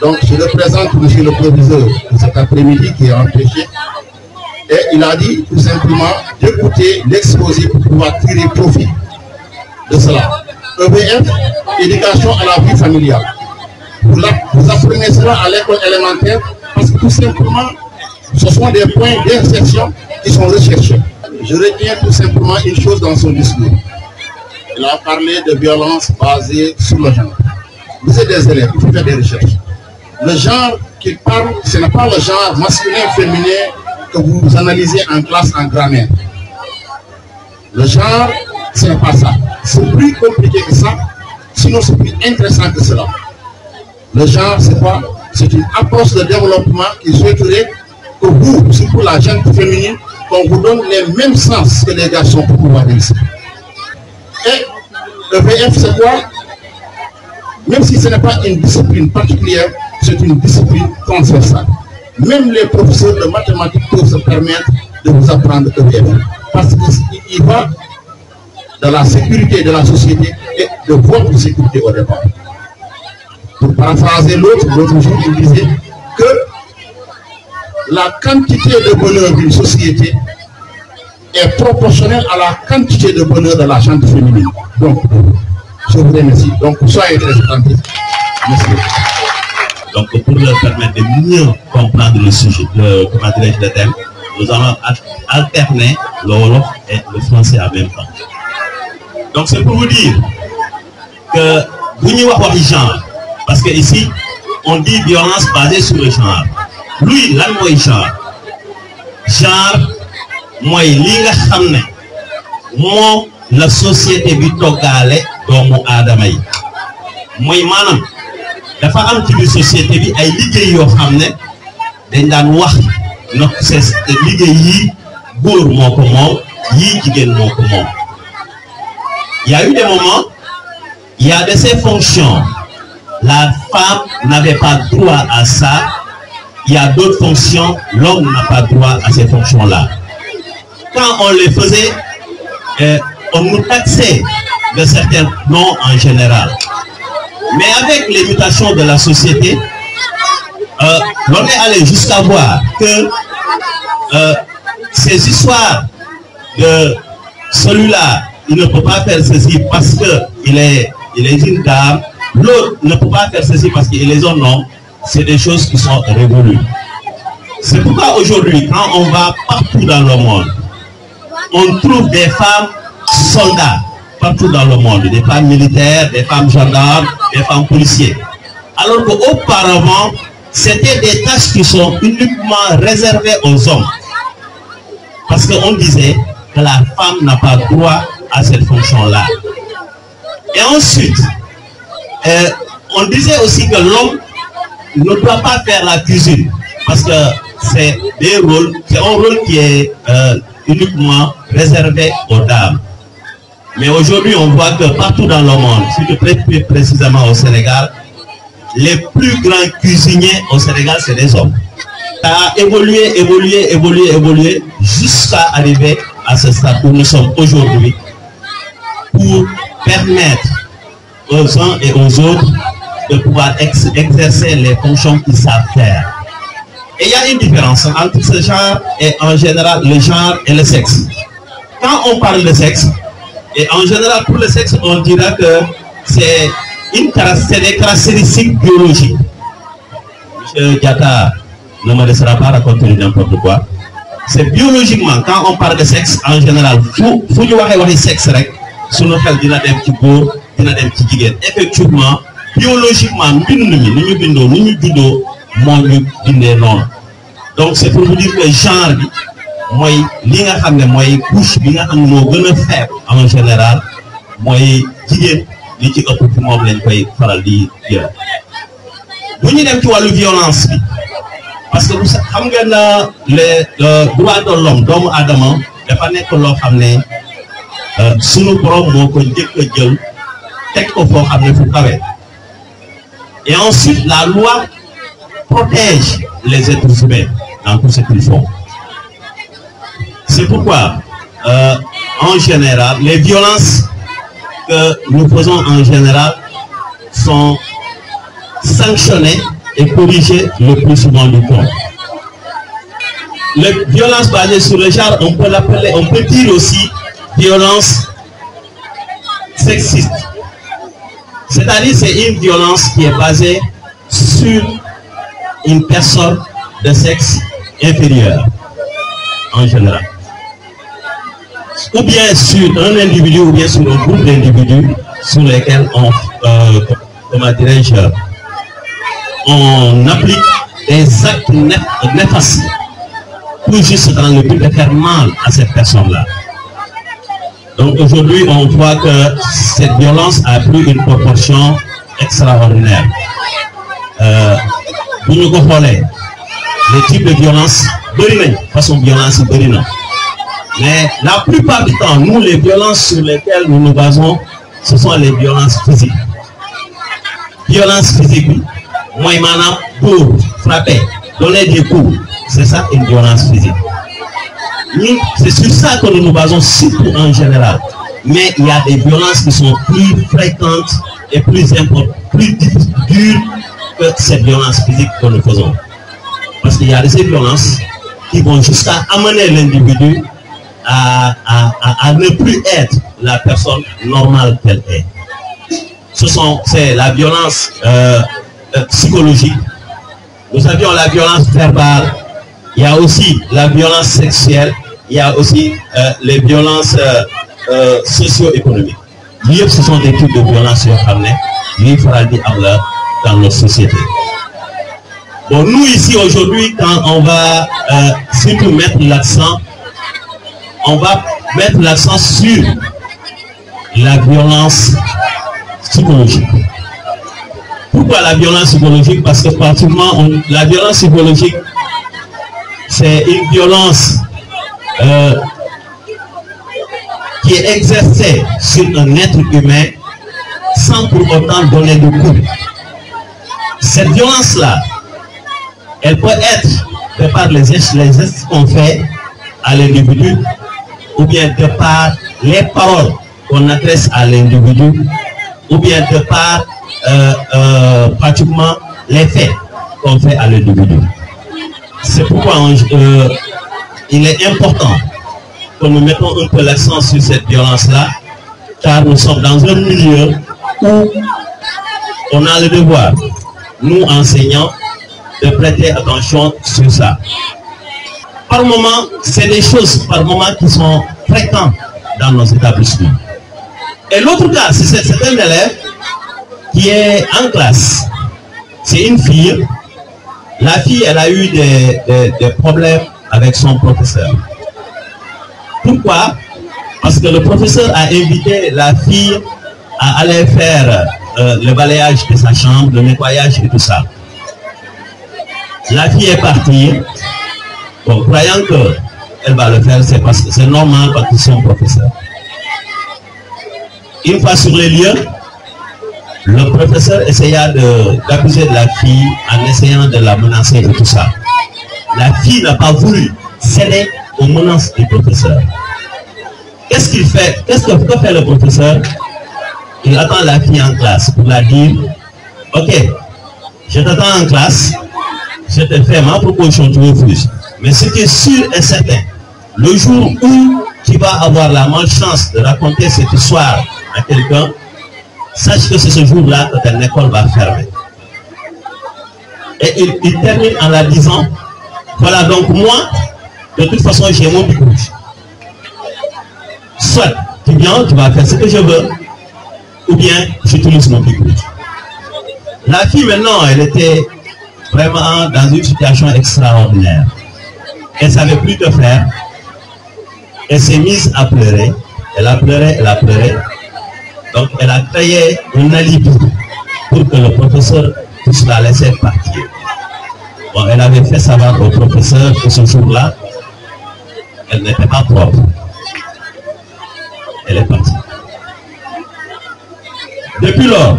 donc je représente présente monsieur le proviseur de cet après-midi qui est empêché et il a dit tout simplement d'écouter l'exposé pour pouvoir tirer profit de cela EBF éducation à la vie familiale vous, vous apprenez cela à l'école élémentaire parce que tout simplement ce sont des points d'insertion qui sont recherchés je retiens tout simplement une chose dans son discours. Il a parlé de violence basée sur le genre. Vous êtes des élèves, Vous faites des recherches. Le genre qu'il parle, ce n'est pas le genre masculin, féminin que vous analysez en classe, en grammaire. Le genre, ce n'est pas ça. C'est plus compliqué que ça, sinon c'est plus intéressant que cela. Le genre, c'est quoi C'est une approche de développement qui souhaiterait que vous, surtout la jeune féminine, on vous donne les mêmes sens que les garçons pour pouvoir réussir. Et le VF, c'est quoi Même si ce n'est pas une discipline particulière, c'est une discipline transversale. Même les professeurs de mathématiques peuvent se permettre de vous apprendre le VF. Parce qu'il va dans la sécurité de la société et de votre sécurité au départ. Pour paraphraser l'autre, l'autre jour, il disait que la quantité de bonheur d'une société est proportionnelle à la quantité de bonheur de la chambre féminine. Donc, je vous remercie. Donc, soyez très attentifs. Merci. Donc, pour leur permettre de mieux comprendre le sujet, le, comment de thème, nous allons alterner le et le français en même temps. Donc, c'est pour vous dire que vous n'y voyez pas genre, parce qu'ici, on dit violence basée sur le genre. Lui lan moy genre genre moy li nga la société bi togalé doomu Moi, moy manam dafa am ci la société bi ay liggéey yo xamné dañ dan wax c'est liggéey yi moko mom y a eu des moments il y a de ces fonctions la femme n'avait pas droit à ça il y a d'autres fonctions, l'homme n'a pas droit à ces fonctions-là. Quand on les faisait, euh, on nous taxait de certains noms en général. Mais avec les mutations de la société, euh, on est allé jusqu'à voir que euh, ces histoires de celui-là, il ne peut pas faire ceci parce qu'il est, il est une dame, l'autre ne peut pas faire ceci parce qu'il est un homme, c'est des choses qui sont révolues. C'est pourquoi aujourd'hui, quand on va partout dans le monde, on trouve des femmes soldats partout dans le monde, des femmes militaires, des femmes gendarmes, des femmes policiers. Alors qu'auparavant, c'était des tâches qui sont uniquement réservées aux hommes. Parce qu'on disait que la femme n'a pas droit à cette fonction-là. Et ensuite, euh, on disait aussi que l'homme ne doit pas faire la cuisine parce que c'est des rôles, un rôle qui est euh, uniquement réservé aux dames. Mais aujourd'hui, on voit que partout dans le monde, si tu précisément au Sénégal, les plus grands cuisiniers au Sénégal, c'est des hommes. Ça a évolué, évolué, évolué, évolué, jusqu'à arriver à ce stade où nous sommes aujourd'hui, pour permettre aux uns et aux autres de pouvoir exercer les fonctions qu'ils savent faire. Et il y a une différence entre ce genre et en général le genre et le sexe. Quand on parle de sexe, et en général pour le sexe, on dira que c'est des caractéristiques biologiques. Monsieur Gata ne me laissera pas raconter n'importe quoi. C'est biologiquement, quand on parle de sexe en général, il faut que sexe, sur le dina dem ci effectivement biologiquement mbind mi ni ñu bindoo ni bindee noonu donc c'est pour vous dire genre bi mooy li nga xam ne mooy couche bi nga xam ne moo gën a général mooy jigéen li ci ëpp ci moom lañ koy faral di jël bu dem ci wàllu violence bi parce que xam ngeen na les droits de doomu aadama dafa nekk loo xam ne euh, sunu borom moo ko njëkk a jël teg ko xam ne fu kawe Et ensuite, la loi protège les êtres humains dans tout ce qu'ils font. C'est pourquoi, euh, en général, les violences que nous faisons en général sont sanctionnées et corrigées le plus souvent du temps. Les violences basées sur le genre, on peut l'appeler, on peut dire aussi violence sexiste c'est-à-dire c'est une violence qui est basée sur une personne de sexe inférieur, en général. Ou bien sur un individu, ou bien sur un groupe d'individus sur lesquels on, euh, on applique des actes néfastes pour juste dans le but de faire mal à cette personne-là aujourd'hui, on voit que cette violence a pris une proportion extraordinaire. Euh, vous nous comprenez, les types de violence l'humain, façon violence de mais la plupart du temps nous les violences sur lesquelles nous nous basons ce sont les violences physiques violence physique moi m'en maintenant, pour frapper donner du coup. c'est ça une violence physique c'est sur ça que nous nous basons surtout en général. Mais il y a des violences qui sont plus fréquentes et plus importantes, plus dures que ces violences physiques que nous faisons. Parce qu'il y a ces violences qui vont jusqu'à amener l'individu à, ne plus être la personne normale qu'elle est. Ce sont c'est la violence euh, euh, psychologique. Nous avions la violence verbale. Il y a aussi la violence sexuelle il y a aussi euh, les violences euh, euh, socio-économiques. ce sont des types de violences sur à fera dans nos sociétés. Bon, nous ici aujourd'hui, quand on va surtout mettre l'accent, on va mettre l'accent sur la violence psychologique. Pourquoi la violence psychologique Parce que pratiquement, la violence psychologique, c'est une violence euh, qui est exercée sur un être humain sans pour autant donner de coup. Cette violence-là, elle peut être de par les gestes, qu'on fait à l'individu ou bien de par les paroles qu'on adresse à l'individu ou bien de par euh, euh, pratiquement les faits qu'on fait à l'individu. C'est pourquoi on, il est important que nous mettons un peu l'accent sur cette violence-là, car nous sommes dans un milieu où on a le devoir, nous enseignants, de prêter attention sur ça. Par moment, c'est des choses par moment qui sont fréquentes dans nos établissements. Et l'autre cas, c'est un élève qui est en classe. C'est une fille. La fille, elle a eu des problèmes avec son professeur. Pourquoi Parce que le professeur a invité la fille à aller faire euh, le balayage de sa chambre, le nettoyage et tout ça. La fille est partie, croyant qu'elle va le faire, c'est parce que c'est normal quand ils sont professeurs. Une fois sur les lieux, le professeur essaya d'accuser de la fille en essayant de la menacer et tout ça. La fille n'a pas voulu céder aux menaces du professeur. Qu'est-ce qu'il fait Qu'est-ce que peut faire le professeur Il attend la fille en classe pour la dire Ok, je t'attends en classe, je te fais ma proposition, tu refuses. Mais ce qui est sûr et certain, le jour où tu vas avoir la malchance de raconter cette histoire à quelqu'un, sache que c'est ce jour-là que ton école va fermer. Et il termine en la disant, voilà, donc moi, de toute façon, j'ai mon picot Soit tu viens, tu vas faire ce que je veux, ou bien j'utilise mon picot La fille, maintenant, elle était vraiment dans une situation extraordinaire. Elle ne savait plus que faire. Elle s'est mise à pleurer. Elle a pleuré, elle a pleuré. Donc, elle a créé une alibi pour que le professeur puisse la laisser partir. Bon, elle avait fait savoir au professeur que ce jour-là, elle n'était pas propre. Elle est partie. Depuis lors,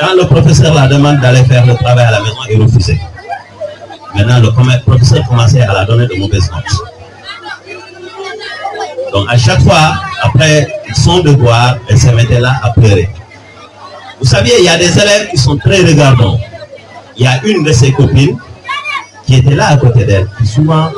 quand le professeur la demande d'aller faire le travail à la maison, il refusait. Maintenant, le professeur commençait à la donner de mauvaises notes. Donc, à chaque fois, après son devoir, elle se mettait là à pleurer. Vous savez, il y a des élèves qui sont très regardants. Il y a une de ses copines qui était là à côté d'elle, qui souvent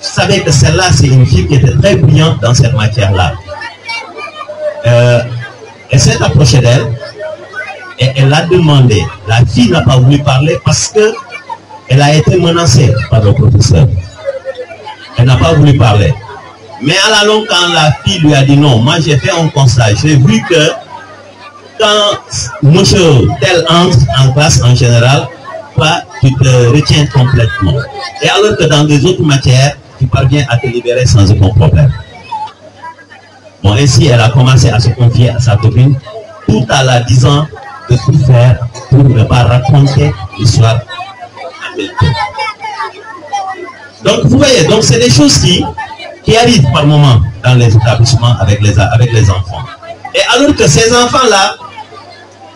savait que celle-là, c'est une fille qui était très brillante dans cette matière-là. Euh, elle s'est approchée d'elle et elle l'a demandé. La fille n'a pas voulu parler parce que elle a été menacée par le professeur. Elle n'a pas voulu parler. Mais à la longue, quand la fille lui a dit non, moi j'ai fait un constat, j'ai vu que quand monsieur tel entre en classe en général, tu te retiens complètement. Et alors que dans des autres matières, tu parviens à te libérer sans aucun problème. Bon, ici, elle a commencé à se confier à sa copine, tout à la disant de tout faire pour ne pas raconter l'histoire Donc, vous voyez, donc c'est des choses qui, qui arrivent par moment dans les établissements avec les, avec les enfants. Et alors que ces enfants-là,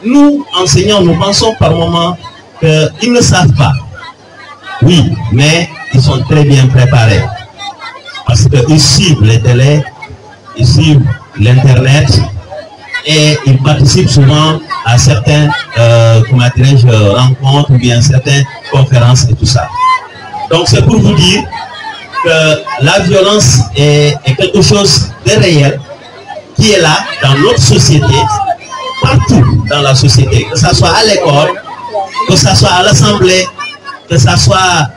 nous, enseignants, nous pensons par moment qu'ils euh, ne savent pas. Oui, mais ils sont très bien préparés. Parce qu'ils suivent les télés, ils suivent l'Internet et ils participent souvent à certains euh, rencontres ou bien certaines conférences et tout ça. Donc c'est pour vous dire que la violence est, est quelque chose de réel qui est là dans notre société, partout dans la société, que ce soit à l'école, que ce soit à l'Assemblée, que ce soit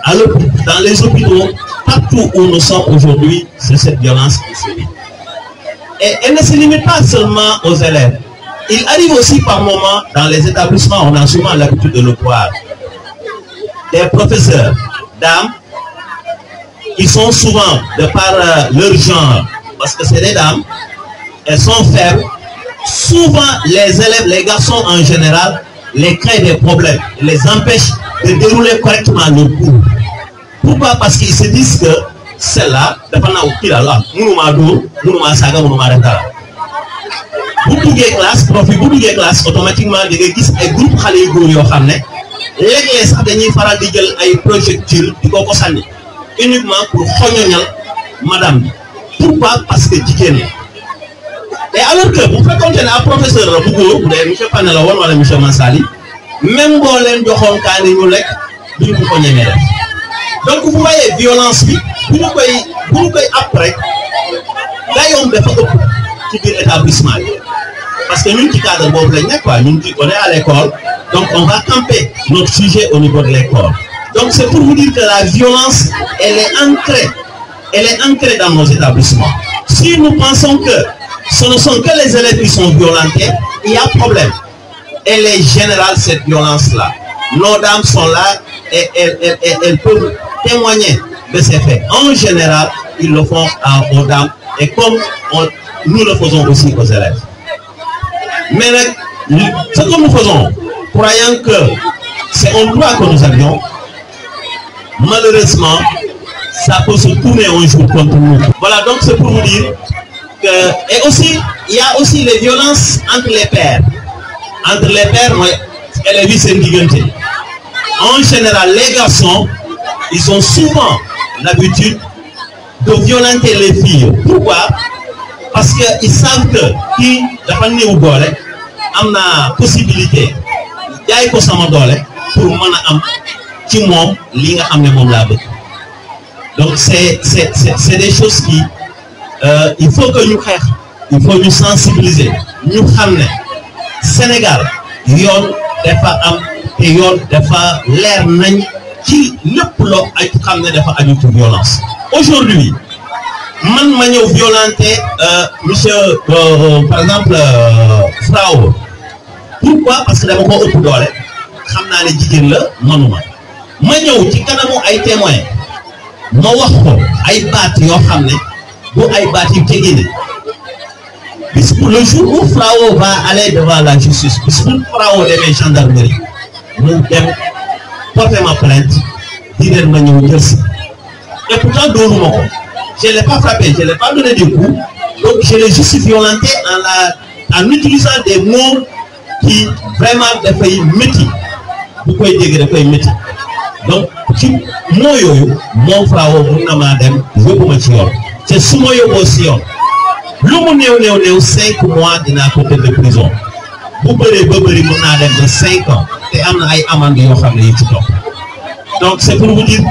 dans les hôpitaux, partout où nous sommes aujourd'hui, c'est cette violence qui se Et elle ne se limite pas seulement aux élèves. Il arrive aussi par moments, dans les établissements, on a souvent l'habitude de le voir, des professeurs, dames, qui sont souvent, de par euh, leur genre, parce que c'est des dames, elles sont faibles, souvent les élèves, les garçons en général, les créent des problèmes, les empêchent de dérouler correctement le cours. Pourquoi Parce qu'ils se disent que c'est là vous nous vous vous classe automatiquement vous classe, ay groupe un groupe qui vous sax dañuy faral projectile uniquement pour madame pourquoi parce que jigéen et alors que vous faites comme un professeur la voulez góor bu monsieur Pane monsieur Mansali même si on ne peut pas vous ne ko donc vous voyez violence vous nous après, koy d'ailleurs, on koy àpp rek parce que nous, qui cadre nous ne quoi on est à l'école donc on va camper notre sujet au niveau de l'école donc c'est pour vous dire que la violence elle est ancrée elle est ancrée dans nos établissements si nous pensons que ce ne sont que les élèves qui sont violentés, il y a problème. Elle est générale, cette violence-là. Nos dames sont là et elles, peuvent témoigner de ces faits. En général, ils le font à, aux dames et comme nous le faisons aussi aux élèves. Mais ce que nous faisons, croyant que c'est un droit que nous avions, malheureusement, ça peut se tourner un jour contre nous. Voilà, donc c'est pour vous dire euh, et aussi, il y a aussi les violences entre les pères. Entre les pères et les En général, les garçons, ils ont souvent l'habitude de violenter les filles. Pourquoi Parce qu'ils savent que qui la famille doole a possibilité y ko pour pour moi, donc c'est c'est des choses qui euh, il faut que nous xeex il faut nous sensibiliser ñu Sénégal yoon a am té yoon dafa nañ ci des ne dafa aju violence. aujourd'hui man ma violenter euh, monsieur euh, par exemple pourquoi parce que dama ko ëpp ne la ma ci kanamu ay wax ko ay baat pour le jour où Frao va aller devant la justice puisque Frao est mes gendarmeries, pour porter ma plainte di leen ma et pourtant je ne je l'ai pas frappé je ne l'ai pas donné du coup donc je l'ai juste violenté en utilisant des mots qui vraiment dafay métis. Pourquoi il dit dafay donc ci Donc, yooyu mon Frao mon amadem, je dem ma c'est sous moi au bossion. L'homme est au néo 5 mois de côté de prison. Vous pouvez vous dire que vous de 5 ans et vous avez amende de Donc c'est pour vous dire,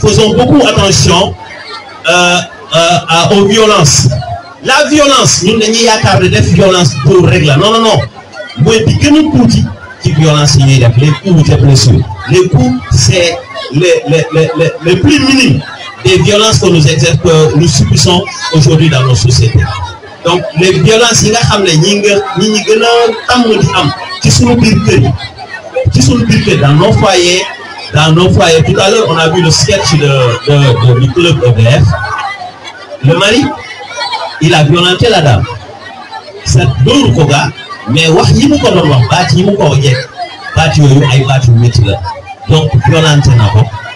faisons beaucoup attention euh, euh aux violences. La violence, nous n'avons pas de violence pour régler Non, non, non. Vous pouvez dire que nous pouvons dire que violence les coups, les blessures. Les coups, c'est le plus minime des violences que nous, exerçons, euh, nous subissons aujourd'hui dans nos sociétés. donc les violences il y a dans nos foyers dans nos foyers tout à l'heure on a vu le sketch de du club EDF le mari il a violenté la dame C'est dur, mais wax yi mu ko wax ba un mu ko donc violenté na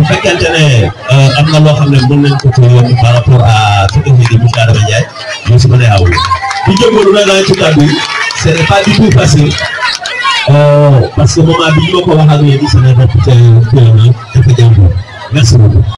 bu fekkente ne am na loo xam ne mën nañ ko tëjoon par rapport à ce que di monsieur Adama Ndiaye ñu si mën a yaawu bu jëmbalu nag naa ci kàddu ce n'est pas du tout facile parce que moment bi ñu ko wax ak yéen ce n'est pas tout à fait merci beaucoup